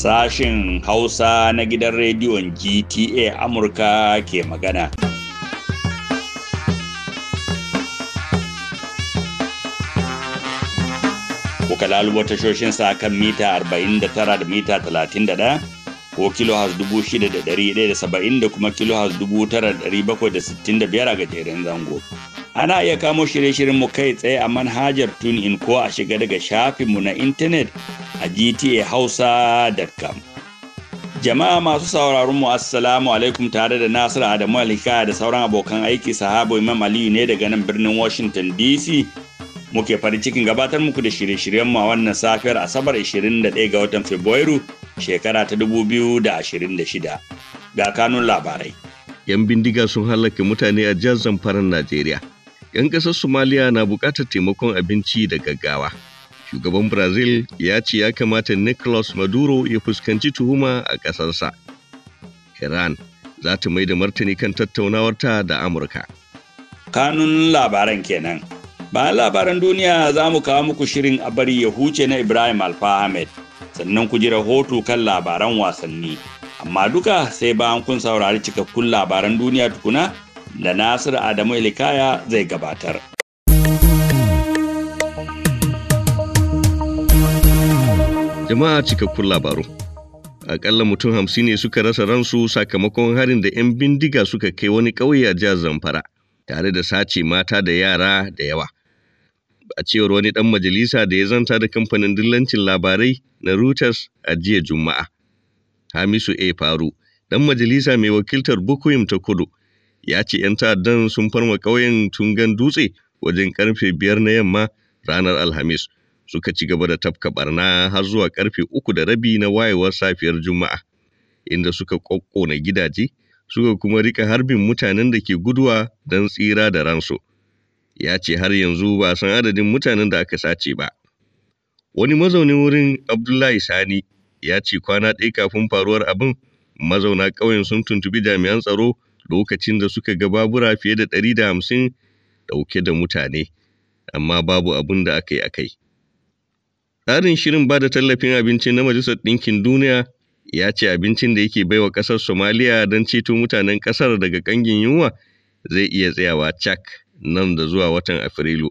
Sashin Hausa na gidan rediyon GTA Amurka ke magana. Kuka lalubo tashoshin sa kan mita 49 da mita 31 ko kilohaz 6,170 da kuma kilohaz 9,765 a gajeren zango. Ana iya kamo shirye-shiryen mu kai tsaye a manhajar TuneIn ko a shiga daga shafinmu na intanet a gtahausa.com. Jama'a masu sauraron mu assalamu alaikum tare da Nasiru Adamu Alhikaya da sauran abokan aiki sahabo Imam Aliyu ne daga nan birnin Washington DC. Muke farin cikin gabatar muku da shirye-shiryen mu a wannan safiyar Asabar 21 ga watan Fabrairu shekara ta 2026. Ga kanun labarai. 'Yan bindiga sun halaka mutane a jihar faran Najeriya. 'yan ƙasar somaliya na buƙatar taimakon abinci da gaggawa shugaban brazil ya ce ya kamata nicolas maduro ya fuskanci tuhuma a ƙasarsa iran za ta mai da martani kan tattaunawarta da amurka kanun labaran kenan bayan labaran duniya za mu kawo muku shirin a bari ya huce na ibrahim alfahamed sannan ku ji rahoto kan labaran wasanni amma duka sai bayan kun saurari cikakkun labaran duniya tukuna da Nasiru Adamu Ilikaya zai gabatar. Jama'a cikakkun labaru. Akalla mutum hamsin ne suka rasa ransu sakamakon harin da 'yan bindiga suka kai wani ƙauye a jihar Zamfara, tare da sace mata da yara da yawa. A cewar wani ɗan majalisa da ya zanta da kamfanin dillancin labarai na Reuters a jiya Juma'a. Hamisu A. Faru, ɗan majalisa mai wakiltar Bukuyim ta Kudu, ya ce 'yan ta'addan sun farma ƙauyen tungan dutse wajen karfe biyar na yamma ranar alhamis suka ci gaba da tafka barna har zuwa karfe uku da rabi na wayewar safiyar juma'a inda suka ƙoƙƙona gidaje suka kuma rika harbin mutanen da ke guduwa don tsira da ransu ya ce har yanzu ba san adadin mutanen da aka sace ba wani mazaunin wurin abdullahi sani ya ce kwana ɗaya kafin faruwar abin mazauna ƙauyen sun tuntubi jami'an tsaro lokacin da suka ga babura fiye da ɗari da hamsin ɗauke da mutane, amma babu abin da aka yi a kai. Tsarin shirin ba da tallafin abinci na Majalisar Ɗinkin Duniya ya ce abincin da yake baiwa ƙasar Somaliya don ceto mutanen ƙasar daga ƙangin yunwa zai iya tsayawa cak nan da zuwa watan Afrilu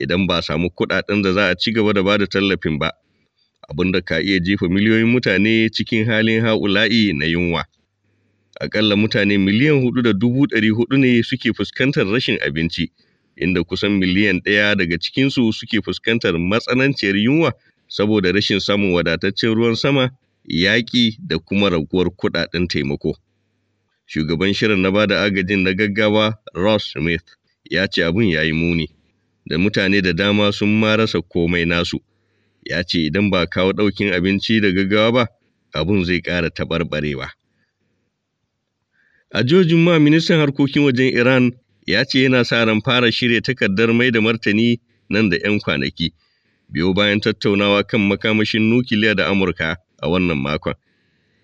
idan ba a samu kuɗaɗen da za a ci gaba da ba da tallafin ba, abin da ka iya jefa miliyoyin mutane cikin halin ha'ula'i na yunwa. akalla mutane miliyan hudu da dubu ɗari hudu ne suke fuskantar rashin abinci, inda kusan miliyan ɗaya daga cikinsu suke fuskantar matsananciyar yunwa saboda rashin samun wadataccen ruwan sama, yaƙi da kuma raguwar kuɗaɗen taimako. Shugaban shirin na bada agajin na gaggawa Ross Smith ya ce abin ya yi muni, da mutane da dama sun ma rasa komai nasu. Ya ce idan ba kawo ɗaukin abinci da gaggawa ba, abin zai ƙara taɓarɓarewa. A jiya Juma'a ministan harkokin wajen Iran ya ce yana sa ran fara shirya takardar mai da martani nan da 'yan kwanaki. Biyo bayan tattaunawa kan makamashin nukiliya da Amurka a wannan makon.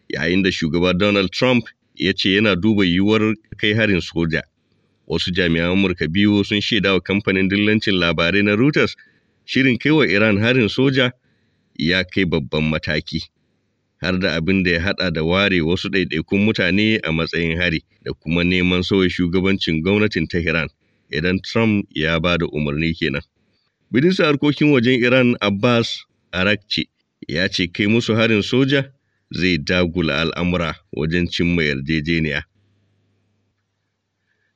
Yayin da shugaba Donald Trump ya ce yana duba yiwuwar kai harin soja. Wasu jami'an Amurka biyu sun shaida wa kamfanin dillancin labarai na Reuters shirin kai wa Iran harin soja ya kai babban mataki. har da abin da ya hada da ware wasu ɗaiɗaikun mutane a matsayin hari da kuma neman sauya shugabancin gwamnatin Tehran idan Trump ya ba da umarni kenan. Bidinsa harkokin wajen Iran Abbas Arakci ya ce kai musu harin soja zai dagula al'amura wajen cimma yarjejeniya.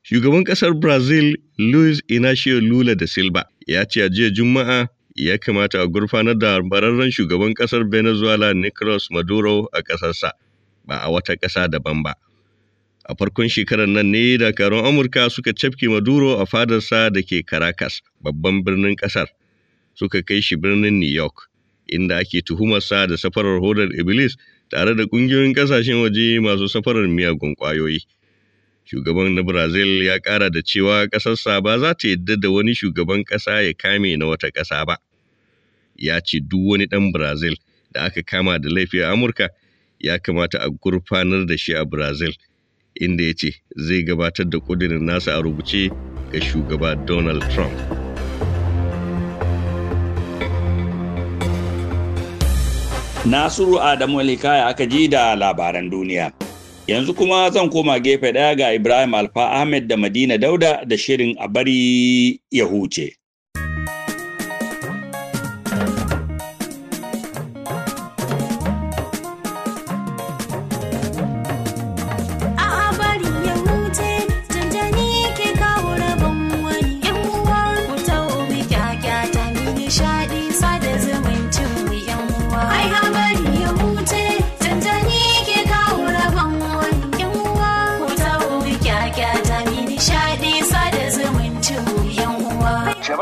Shugaban ƙasar Brazil Luis Inacio Lula da Silva ya ce a jiya Juma'a ya kamata a gurfanar da bararren shugaban ƙasar Venezuela Nicolas Maduro a ƙasarsa, ba a wata ƙasa daban ba. A farkon shekarar nan ne dakarun Amurka suka cafke Maduro a fadarsa da ke Caracas, babban birnin ƙasar, suka kai shi birnin New York, inda ake tuhumarsa da safarar hodar Iblis tare da ƙungiyoyin ƙasashen waje masu safarar miyagun ƙwayoyi. Shugaban na Brazil ya ƙara da cewa ƙasarsa ba za ta yadda da wani shugaban ƙasa ya kame na wata ƙasa ba. ya ce duk wani ɗan Brazil da aka kama da laifi a Amurka ya kamata a gurfanar da shi a Brazil, inda ya ce zai gabatar da ƙudurin nasa a rubuce ga shugaba Donald Trump. Nasiru Adamu Likaya aka ji da labaran duniya. Yanzu kuma zan koma gefe ɗaya ga Ibrahim Alfa Ahmed da Madina Dauda da shirin a bari ya huce.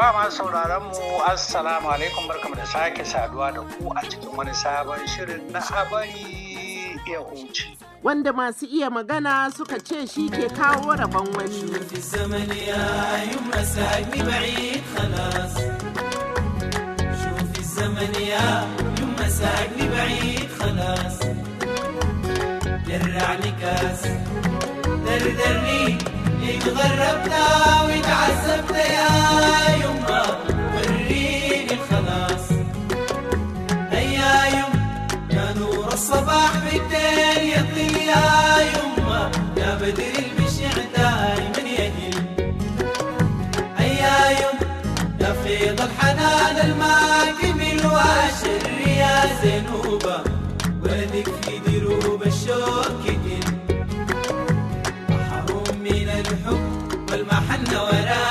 Jama'a masu sauraron mu Assalamu alaikum barkamu da sake saduwa da ku a cikin wani sabon shirin na abari ya huce. Wanda masu iya magana suka ce shi ke kawo rabon wani. الزمن اللي تغربنا وتعذبنا يا يما وريني الخلاص هيا يما يا نور الصباح بالدين يطل يا يما يا بدر المشع دايما يهل هيا يما يا فيض الحنان الماكمل واشر يا زنوبه ولدك في دروب الشوك كتير know what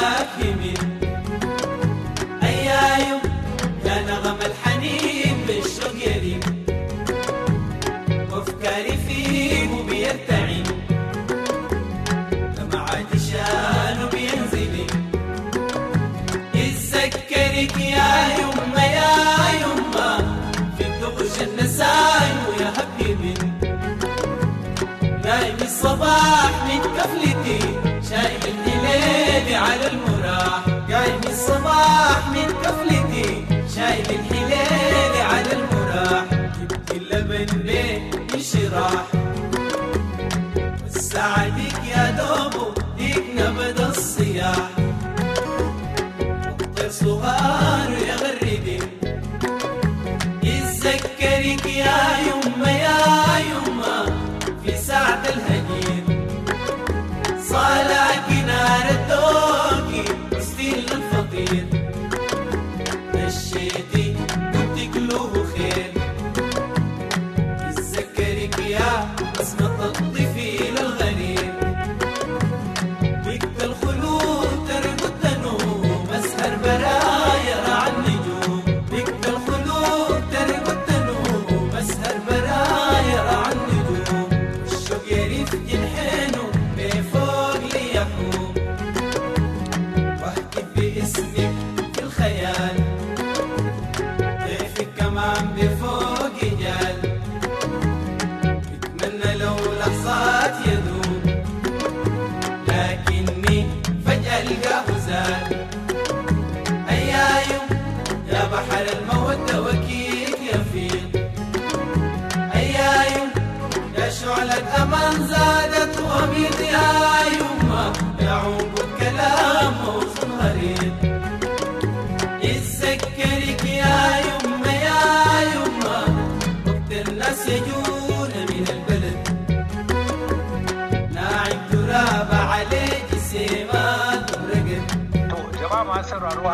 راح من طفلتي شايل الحين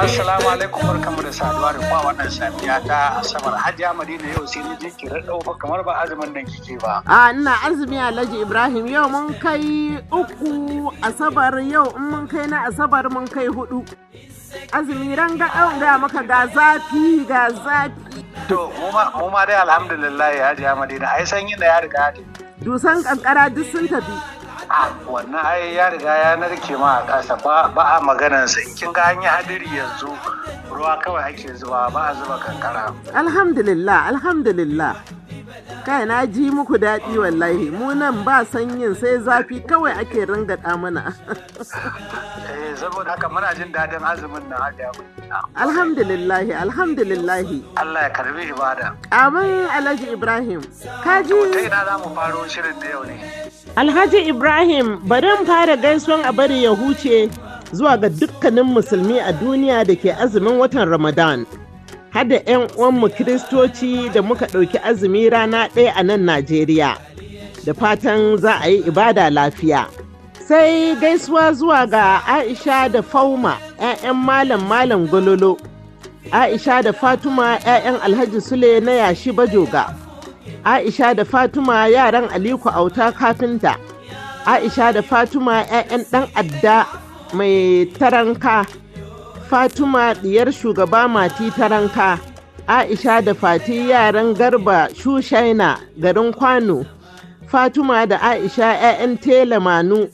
assalamu alaikum barkamu da saduwa da kuma wannan safiya ta asabar hajiya madina yau sai ni jinki raɗau ba kamar ba azumin nan kike ba a ina azumi alhaji ibrahim yau mun kai uku asabar yau in mun kai na asabar mun kai hudu azumi ran ga ɗan gaya maka ga zafi ga zafi. To mu ma dai alhamdulillah ya ji amadina, ai sanyi da ya riga ne. Dusan kankara duk sun tafi. A wannan ai ya riga ya narke ma a ƙasa ba a maganan sa kin ga an yi hadiri yanzu ruwa kawai ake zuba ba a zuba kankara. Alhamdulillah alhamdulillah. kai na ji muku daɗi wallahi mu nan ba sanyin sai zafi kawai ake ringa mana eh saboda haka muna jin daɗin azumin na haka alhamdulillah alhamdulillah Allah ya karbi ibada amin Alhaji Ibrahim ka ji to ina za mu faro shirin da yau ne Alhaji Ibrahim bari mu fara gaisuwan a bari ya huce zuwa ga dukkanin musulmi a duniya da ke azumin watan Ramadan hada 'yan uwanmu kiristoci da muka ɗauki azumi rana ɗaya a nan Najeriya. Da fatan za a yi ibada lafiya. Sai gaisuwa zuwa ga Aisha da Fauma 'ya'yan Malam Malam Gololo, Aisha da Fatuma 'ya'yan Alhaji Sule na yashi bajoga, Aisha da Fatuma yaran Aliko Auta kafinta, Aisha da Fatuma 'ya'yan ɗan adda mai taranka. Fatima ɗiyar shugaba Mati Taranka, Aisha da Fati yaran Garba Shushaina garin Kwano, fatima da Aisha 'ya'yan Tela Manu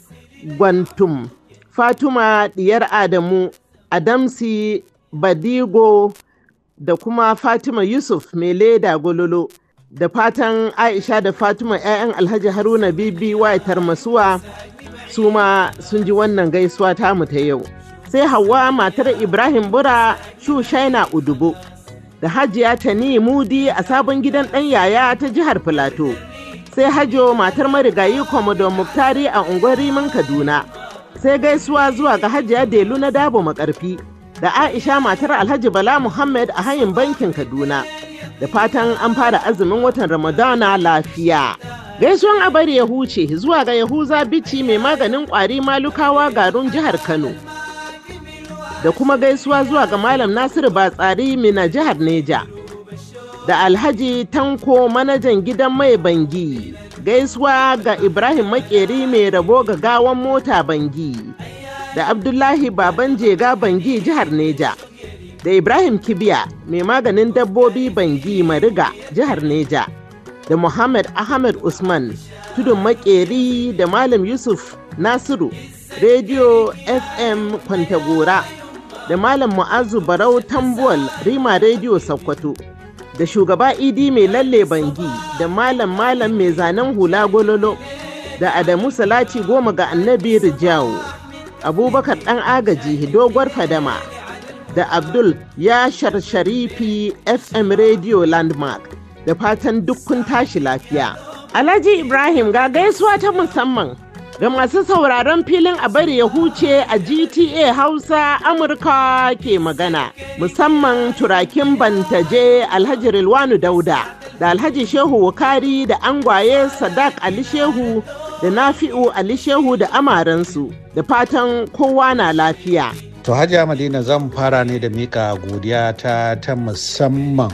Gwantum, fatima ɗiyar Adamu, Adamsi Badigo da kuma Fatima Yusuf mai leda gololo. Da fatan Aisha da Fatima 'ya'yan Alhaji Haruna Bibi tarmasuwa su ma sun ji wannan gaisuwa mu ta yau. sai Hauwa matar Ibrahim Bura Shushaina Udubo da Hajiya Tani Mudi a sabon gidan ɗan yaya ta jihar Filato. Sai Hajo matar marigayi Commodore Muktari a unguwar Riman Kaduna. Sai gaisuwa zuwa ga Hajiya Delu na Dabo Makarfi da Aisha matar Alhaji Bala Muhammad a hayin bankin Kaduna. Da fatan an fara azumin watan Ramadana lafiya. Gaisuwan bari ya huce zuwa ga Yahuza Bici mai maganin ƙwari malukawa garin jihar Kano. da kuma gaisuwa zuwa ga Malam Nasiru Batsari mina jihar Neja. Da Alhaji Tanko manajan gidan mai bangi, gaisuwa ga Ibrahim Makeri mai rabo ga gawan mota bangi, da Abdullahi Baban Jega bangi jihar Neja, da Ibrahim Kibiya mai maganin dabbobi bangi mariga jihar Neja, da Muhammad Ahmed Usman tudun Makeri da Malam Yusuf Nasiru, Rediyo FM Kwantagora. da Malam Mu'azu Barau Tambuwal Rima Radio Sokoto da shugaba Idi mai lalle bangi da Malam Malam mai zanen hula gololo da Adamu Salati goma ga annabi Rijawo Abubakar ɗan agaji doguwar fadama da Abdul ya sharsharifi FM Radio Landmark da fatan duk tashi lafiya. Alhaji Ibrahim ga gaisuwa ta musamman ga masu sauraron filin a bari ya huce a GTA Hausa Amurka ke magana musamman turakin bantaje Alhaji Rilwanu Dauda da Alhaji Shehu Wukari da angwaye Sadak Ali Shehu da Nafi'u Ali Shehu da amaransu da fatan kowa na lafiya. To Hajiya Madina zan fara ne da mika godiya ta musamman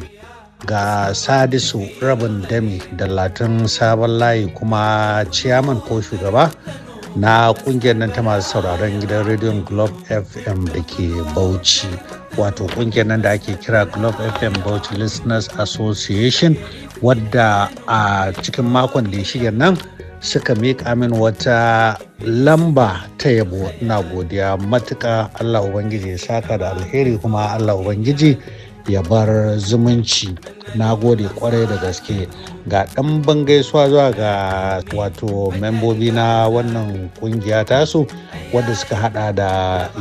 ga sadisu rabin dami da latin sabon layi kuma ciyaman ko shugaba na kungiyar nan ta masu sauraron gidan rediyon globe fm da ke bauchi wato kungiyar nan da ake kira globe fm bauchi listeners association wadda a cikin makon da ya shiga nan suka miƙa min wata lamba ta yabo na godiya matuka allah ubangiji ya saka da alheri kuma allah ubangiji ya bar zumunci na gode kwarai da gaske ga ɗan gaisuwa zuwa ga wato membobi na wannan kungiya tasu wadda suka hada da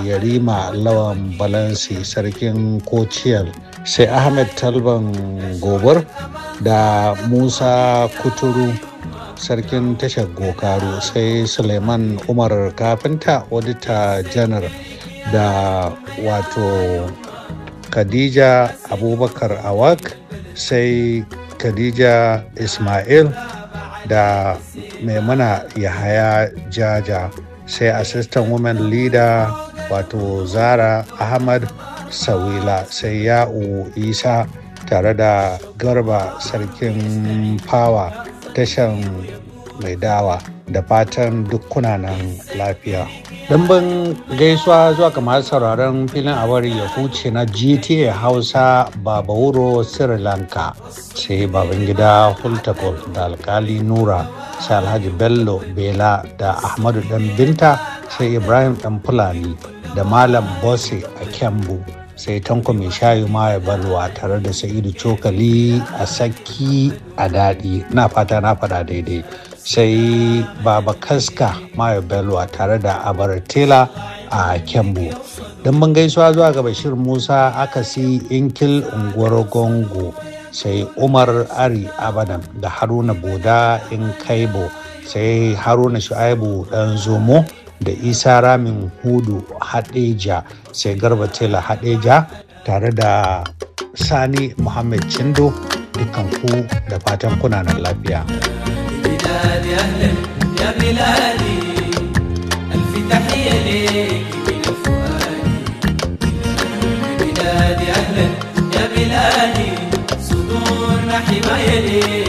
yarima lawan balansi sarkin kociyar sai ahmed talban gobar da musa kuturu sarkin tashar gokaru sai suleiman umar kafinta wadita janar da wato khadija abubakar awak sai khadija ismail da maimuna yahaya jaja sai assistant women leader wato zara ahmad sawila sai ya'u isa tare da garba sarkin fawa tashan mai dawa da fatan dukkuna nan lafiya. Dimbin gaisuwa zuwa ga masu sauraron filin awar ya huce na GTA Hausa Baba Wuro Sri Lanka sai Babangida Hultakol da Alkali Nura sai Alhaji Bello Bela da Ahmadu Dan Binta sai Ibrahim Dan Fulani da Malam Bose a Kembu. sai tanko mai shayu ma ya barwa tare da sa'idu cokali a sakki a daɗi na fata na faɗa daidai sai baba kaska mayo bello tare da abar tela a kembu don mun gaisuwa zuwa ga bashir musa akasi inkil unguwar gongo sai umar ari abadan da haruna boda in kaibo sai haruna shu'aibu dan zomo da isa ramin hudu hadeja sai garba tela hadeja tare da sani muhammad cindo dukanku da fatan kunanan lafiya بلادي أهلا يا بلادي ألف تحية ليك من أفواني بلادي أهلا يا بلادي صدورنا حماية ليك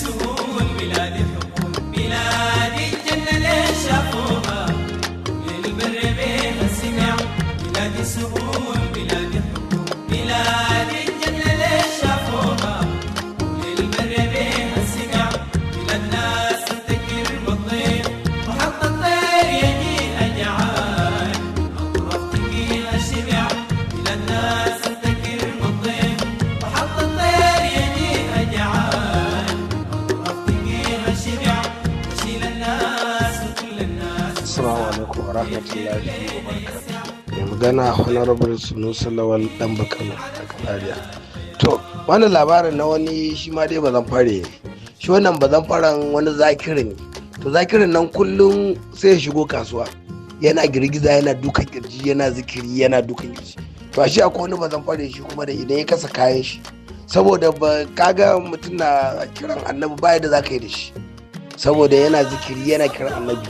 سمو الميلاد yana honorable sunusu lawal dan bakano a kanariya to wani labarin na wani shi ma dai bazan fare shi wannan bazan fara wani zakirin ne to zakirin nan kullum sai ya shigo kasuwa yana girgiza yana dukan kirji yana zikiri yana dukan kirji to a shi akwai wani bazan fare shi kuma da idan ya kasa kayan shi saboda ba kaga mutum na kiran annabi ba da zaka yi da shi saboda yana zikiri yana kiran annabi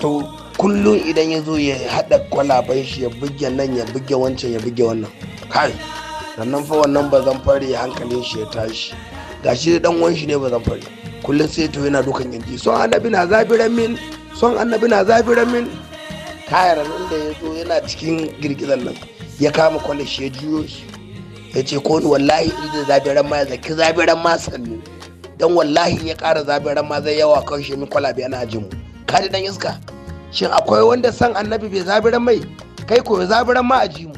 to kullum idan ya zo ya haɗa kwalaban shi ya buge nan ya buge wancan ya buge wannan kai sannan fa wannan ba zan ya hankalin shi ya tashi Ga gashi dan uwan shi ne ba zan fari. kullum sai to yana dukan yanki son annabi na zafiran min son annabi na zafiran min kai nan da ya zo yana cikin girgizan nan ya kama kwale shi ya juyo shi ya ce ko ni wallahi da zafiran ma ya zaki zafiran ma sannu dan wallahi ya ƙara zafiran ma zai yawa kawai shi min kwalabe ana ajin mu Kada dan iska shin akwai wanda san annabi bai zabiran mai kai ko zabiran ma a mu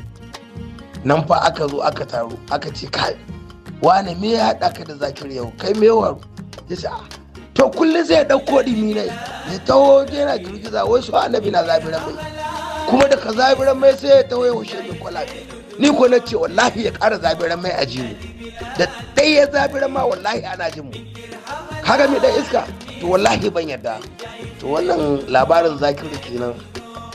nan fa aka zo aka taro aka ce kai wane me ya hada ka da zakir yau kai me waru ya ce ah, to kullum zai ɗauko ɗimi ne ya taho yana girgiza wai su annabi na zabiran mai kuma da ka zabiran mai sai ya taho ya wuce da kwalafe ni ko na ce wallahi ya ƙara zabiran mai a mu. da ɗaya zabiran ma wallahi ana jin mu kaga me dan iska to wallahi ban yarda to wannan labarin zakiru kenan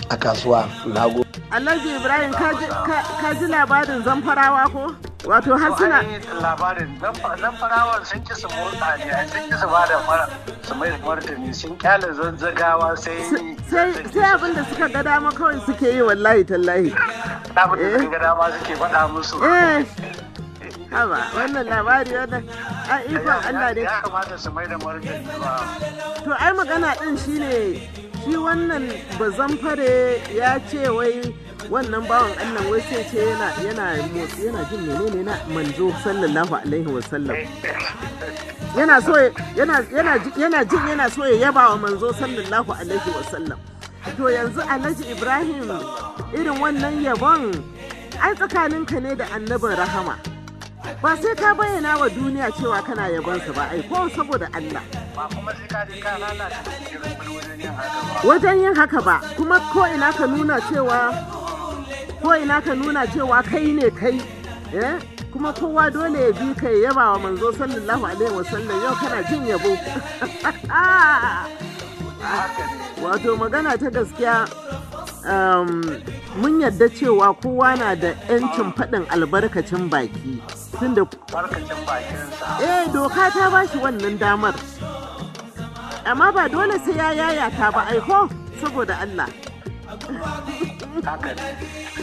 a kasuwa nago Allahu ibrahim ka ji labarin zamfarawa ko wato har suna labarin zamfarawa sun ki su motsa ne sun ki su ba da fara su mai martani sun kyale zanzagawa sai sai abin da suka ga dama kawai suke yi wallahi tallahi abin da suka eh. ga dama suke faɗa musu eh. haba wannan labari wannan a ikon Allah ne ya kamata su mai da to ai magana din shi ne, shi wannan bazan fare ya ce wai wannan bawan Allah wai sai ce yana yana yana jin menene na manzo sallallahu alaihi wa sallam yana so yana yana yana jin yana so ya yaba wa manzo sallallahu alaihi wa sallam to yanzu Alhaji Ibrahim irin wannan yabon ai tsakaninka ne da annabin rahama ba sai ka bayyana wa duniya cewa kana yabonsa ba ai ko saboda Allah wajen yin haka ba kuma ko ina ka nuna cewa ko ina ka nuna cewa kai ne kai eh? kuma kowa dole ya bi ka yaba wa manzo sallallahu alaihi wasallam yau kana jin yabo wato magana ta gaskiya mun yadda cewa kowa na da 'yancin faɗin albarkacin baki tunda eh doka ta ba shi wannan damar amma ba dole sai ya yayata ba aiko saboda Allah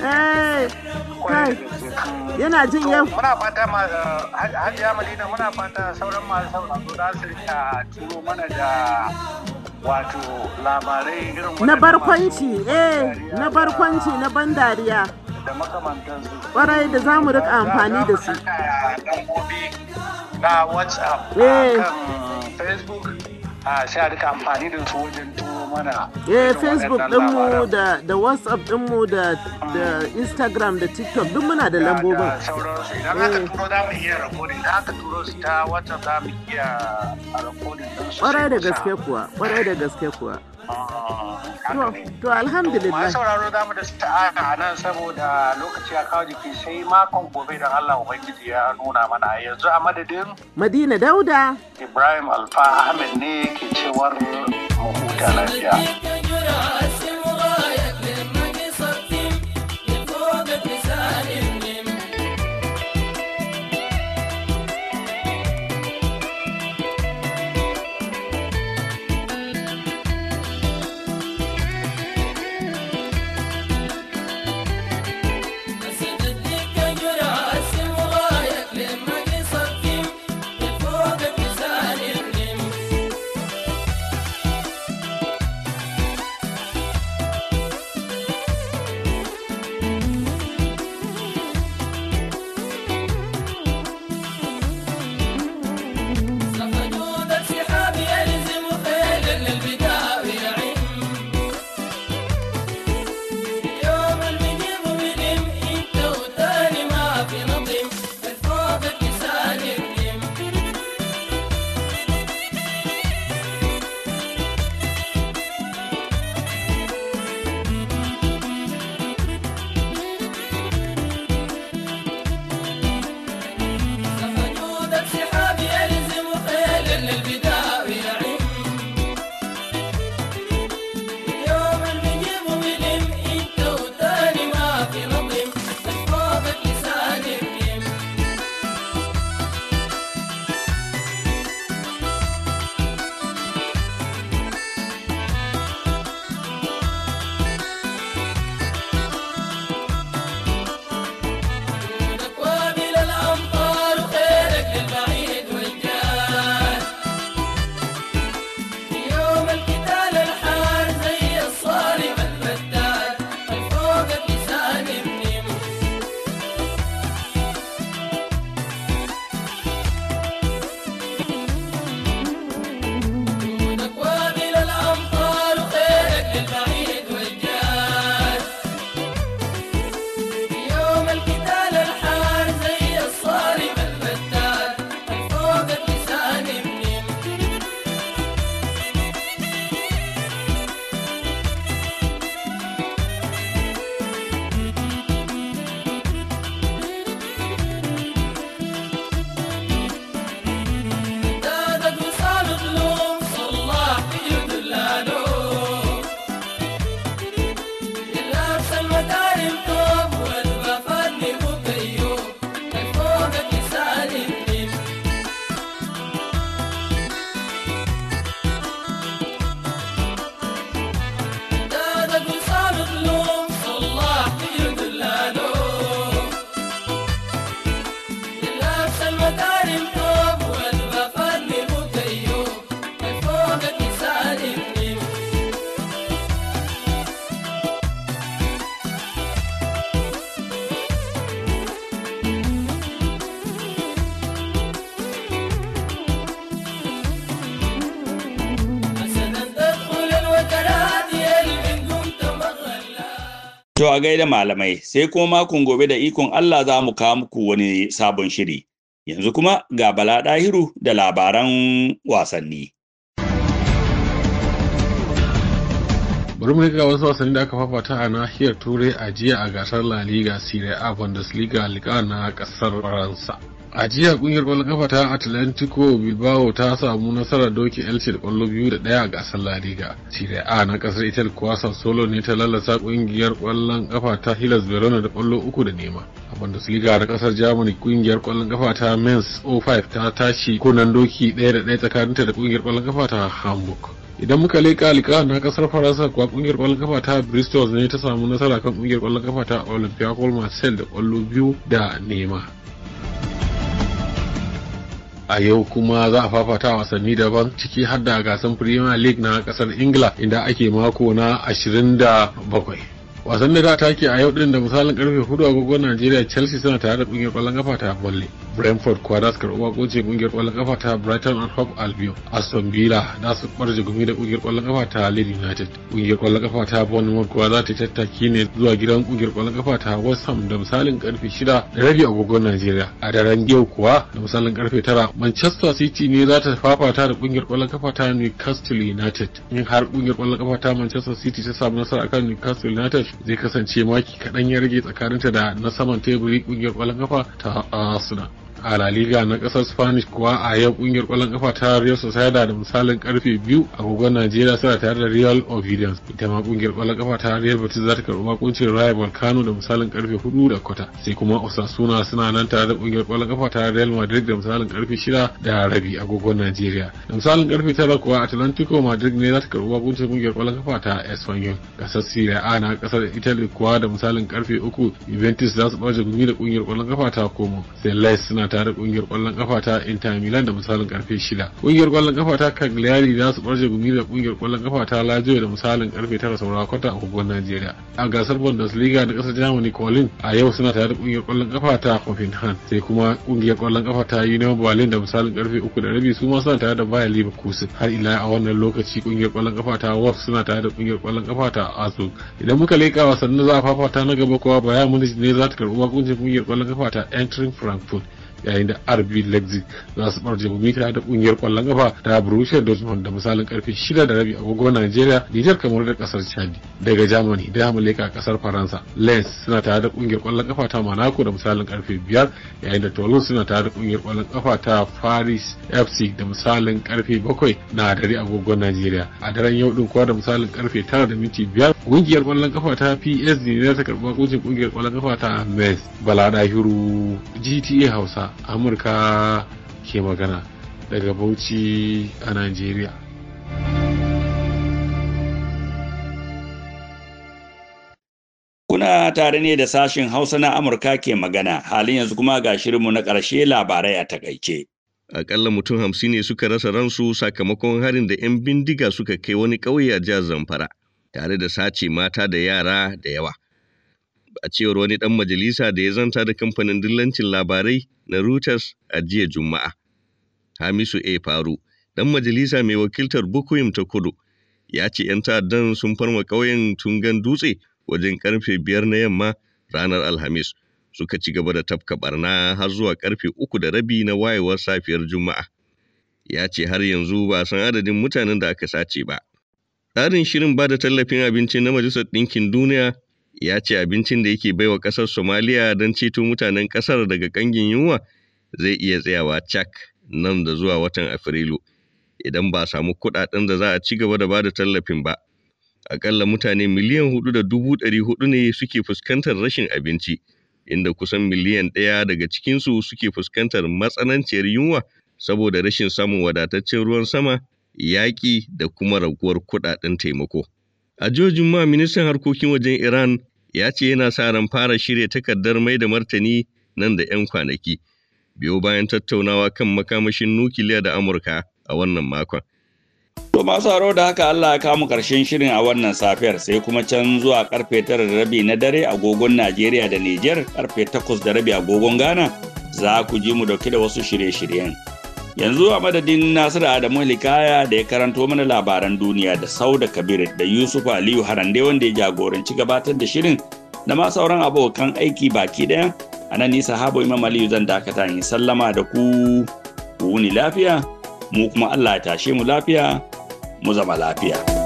eh, yana jin yau muna fata eh, hajiya madina muna fata sauran masu su za su rika turo mana da wato labarai irin na barkwanci eh na barkwanci na ban dariya da makamantansu kwarai da za mu rika amfani da su na whatsapp a eh. kan facebook a sha rika amfani da su wajen tuwo mana eh facebook dinmu da da whatsapp dinmu da da instagram da tiktok duk muna da lambobin sauransu idan aka eh. turo za mu iya rakodi idan aka turo su ta whatsapp za mu iya rakodi kwarai da gaske kuwa kwarai da gaske kuwa To alhamdulillah. Masu sauraro da mu da sa'a a nan saboda lokaci ya kawo jiki sai makon gobe da Allah Ubangiji ya nuna mana yanzu a madadin. Madina Dauda. Ibrahim Alfa Ahmed ne ke cewar mu huta lafiya. To a gaida malamai sai kuma makon gobe da ikon Allah za mu kawo muku wani sabon shiri. Yanzu kuma ga Bala Ɗahiru da labaran wasanni. bari mu ga wasu wasanni da aka fafata a nahiyar turai a jiya a gasar la liga serie a bundesliga liga na kasar faransa a jiya kungiyar kwallon kafa ta atlantico bilbao ta samu nasarar doki elche da kwallo biyu da daya a gasar la liga a na kasar italy kuwa solo ne ta lalasa kungiyar kwallon kafa ta hilas verona da kwallo uku da nema a bundesliga na kasar germany kungiyar kwallon kafa ta mens 05 ta tashi kunan doki daya da daya tsakaninta da kungiyar kwallon kafa ta hamburg idan muka leƙa alika na kasar faransa kuwa kungiyar kwallon kafa ta bristol ne ta samu nasara kan kungiyar kwallon kafa ta olympiacos marcel da kwallo biyu da nema a yau kuma za a fafata wasanni daban ciki har da gasar premier league na kasar ingila inda ake mako na 27 wasan da za ta ke a yau din da misalin karfe hudu agogon Najeriya Chelsea suna tare da kungiyar kwallon kafa ta Bolle. Brentford kuwa da su karɓi wako ce kungiyar kwallon kafa ta Brighton and Hope Albion. Aston Villa za su barje gumi da kungiyar kwallon kafa ta Leeds United. Kungiyar kwallon kafa ta Bournemouth kuwa za ta tattaki ne zuwa gidan kungiyar kwallon kafa ta West Ham da misalin karfe shida da rabi agogon Najeriya. A daren yau kuwa da misalin karfe tara Manchester City ne za ta fafata da kungiyar kwallon kafa ta Newcastle United. In har kungiyar kwallon kafa ta Manchester City ta samu nasara akan Newcastle United zai kasance maki kaɗan ya rage tsakaninta da na saman teburi ƙungiyar ƙwallon kafa ta Arsenal. a La Liga na kasar Spanish kuwa a yau kungiyar kwallon kafa ta Real Sociedad da misalin karfe biyu agogon Najeriya suna tare da Real ovidians ita ma kungiyar kwallon kafa ta Real Betis za ta karbi makuncin Rayo Vallecano da misalin karfe hudu da kwata sai kuma Osasuna suna nan tare da kungiyar kwallon kafa ta Real Madrid da misalin karfe shida da rabi agogon Najeriya da misalin karfe tara kuwa Atlantico Madrid ne za ta karbi makuncin kungiyar kwallon kafa ta Espanyol kasar Serie A na kasar Italy kuwa da misalin karfe uku Juventus za su ɓace gumi da kungiyar kwallon kafa ta Como sai Lais suna tare kungiyar kwallon kafa ta Inter Milan da misalin karfe 6. Kungiyar kwallon kafa ta Cagliari za su barje gumi da kungiyar kwallon kafa ta Lazio da misalin karfe 9 saura kwata a kogon Najeriya. A gasar Bundesliga na kasar Germany Colin a yau suna tare da kungiyar kwallon kafa ta Hoffenheim sai kuma kungiyar kwallon kafa ta Union Berlin da misalin karfe 3 da rabi su ma suna tare da Bayer Leverkusen. Har ila a wannan lokaci kungiyar kwallon kafa ta Wolf suna tare da kungiyar kwallon kafa ta Augsburg. Idan muka leka wasannin za a fafata na gaba kowa Bayern Munich ne za ta karɓi bakuncin kungiyar kwallon kafa ta Eintracht Frankfurt. yayin da RB Leipzig za su barje mita da kungiyar kwallon kafa ta Borussia Dortmund da misalin karfe shida da rabi agogon Najeriya Nijar kamar da kasar Chad daga Germany da Amaleka kasar Faransa Lens suna tare da kungiyar kwallon kafa ta Monaco da misalin karfe biyar. yayin da Toulouse suna tare da kungiyar kwallon kafa ta Paris FC da misalin karfe bakwai na dare agogon Najeriya a daren yau din kuwa da misalin karfe tara da minti biyar. Ƙungiyar ƙwallon kafa ta PSD ne ta karɓi kocin ƙungiyar ƙwallon kafa ta Mes Balada Hiru GTA Hausa Amurka ke magana daga Bauchi a Najeriya. Kuna tare ne da sashen Hausa na Amurka ke magana, halin yanzu kuma ga shirinmu na ƙarshe labarai a takaice. Aƙalla mutum hamsin ne suka rasa ransu sakamakon harin da 'yan bindiga suka kai wani ƙauye a jihar Zamfara. tare da sace mata da yara da yawa. A cewar wani ɗan majalisa da ya zanta da kamfanin dillancin labarai na Reuters a jiya Juma'a. Hamisu A. Faru, ɗan majalisa mai wakiltar Bukuyim ta kudu, ya ce ‘yan ta'addan sun farma ƙauyen Tungan Dutse wajen ƙarfe biyar na yamma ranar Alhamis. Suka ci gaba da tafka ɓarna har zuwa ƙarfe uku da rabi na wayewar safiyar Juma'a. Ya ce har yanzu ba san adadin mutanen da aka sace ba. Tsarin shirin ba da tallafin abinci na Majalisar Ɗinkin Duniya ya ce abincin da yake baiwa ƙasar Somaliya don ceto mutanen ƙasar daga ƙangin yunwa zai iya tsayawa cak nan da zuwa watan Afrilu idan ba a samu kuɗaɗen da za a ci gaba da ba da tallafin ba. Aƙalla mutane miliyan hudu da dubu ɗari hudu ne suke fuskantar rashin abinci, inda kusan miliyan ɗaya daga cikinsu suke fuskantar matsananciyar yunwa saboda rashin samun wadataccen ruwan sama yaƙi da kuma raguwar kuɗaɗen taimako. A jojin ma ministan harkokin wajen Iran ya ce yana sa ran fara shirya takardar mai da martani nan da 'yan kwanaki, biyo bayan tattaunawa kan makamashin nukiliya da Amurka a wannan makon. To masu haro da haka Allah ya kamu karshen shirin a wannan safiyar sai kuma can zuwa karfe tara da rabi na dare agogon Najeriya da Nijar karfe takwas da rabi agogon Ghana za ku ji mu dauke da wasu shirye-shiryen. Yanzu a madadin Nasiru Adamu Likaya da ya karanto mana labaran duniya da Sauda Kabir da Yusuf Aliyu Harande wanda ya jagoranci gabatar da shirin da ma sauran abokan aiki baki ɗaya. A nan nisa habo Imam Aliyu zan dakata in sallama da ku ku wuni lafiya, mu kuma Allah ya tashe mu lafiya, mu zama lafiya.